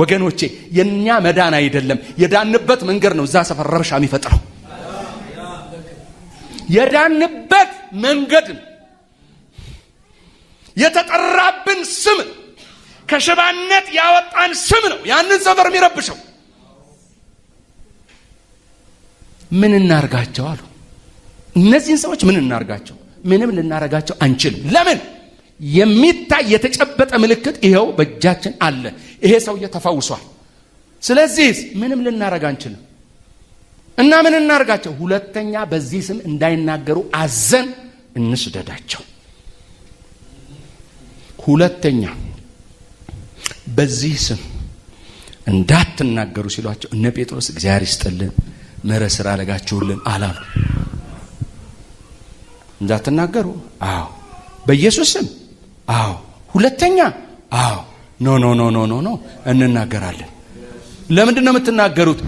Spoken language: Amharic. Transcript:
ወገኖቼ የእኛ መዳን አይደለም፣ የዳንበት መንገድ ነው። እዛ ሰፈር ረብሻ የሚፈጥረው የዳንበት መንገድ የተጠራብን ስም ከሽባነት ያወጣን ስም ነው ያንን ሰፈር የሚረብሸው። ምን እናርጋቸው አሉ። እነዚህን ሰዎች ምን እናርጋቸው? ምንም ልናረጋቸው አንችልም። ለምን የሚታይ የተጨበጠ ምልክት ይኸው በእጃችን አለ። ይሄ ሰውዬ ተፈውሷል። ስለዚህ ምንም ልናረግ አንችልም እና ምን እናርጋቸው? ሁለተኛ በዚህ ስም እንዳይናገሩ አዘን እንስደዳቸው። ሁለተኛ በዚህ ስም እንዳትናገሩ ሲሏቸው እነ ጴጥሮስ እግዚአብሔር ይስጥልን ስራ አለጋችሁልን አላሉ። እንዳትናገሩ አዎ በኢየሱስ ስም አዎ፣ ሁለተኛ አዎ፣ ኖ ኖ ኖ ኖ ኖ እንናገራለን። ለምንድን ነው የምትናገሩት?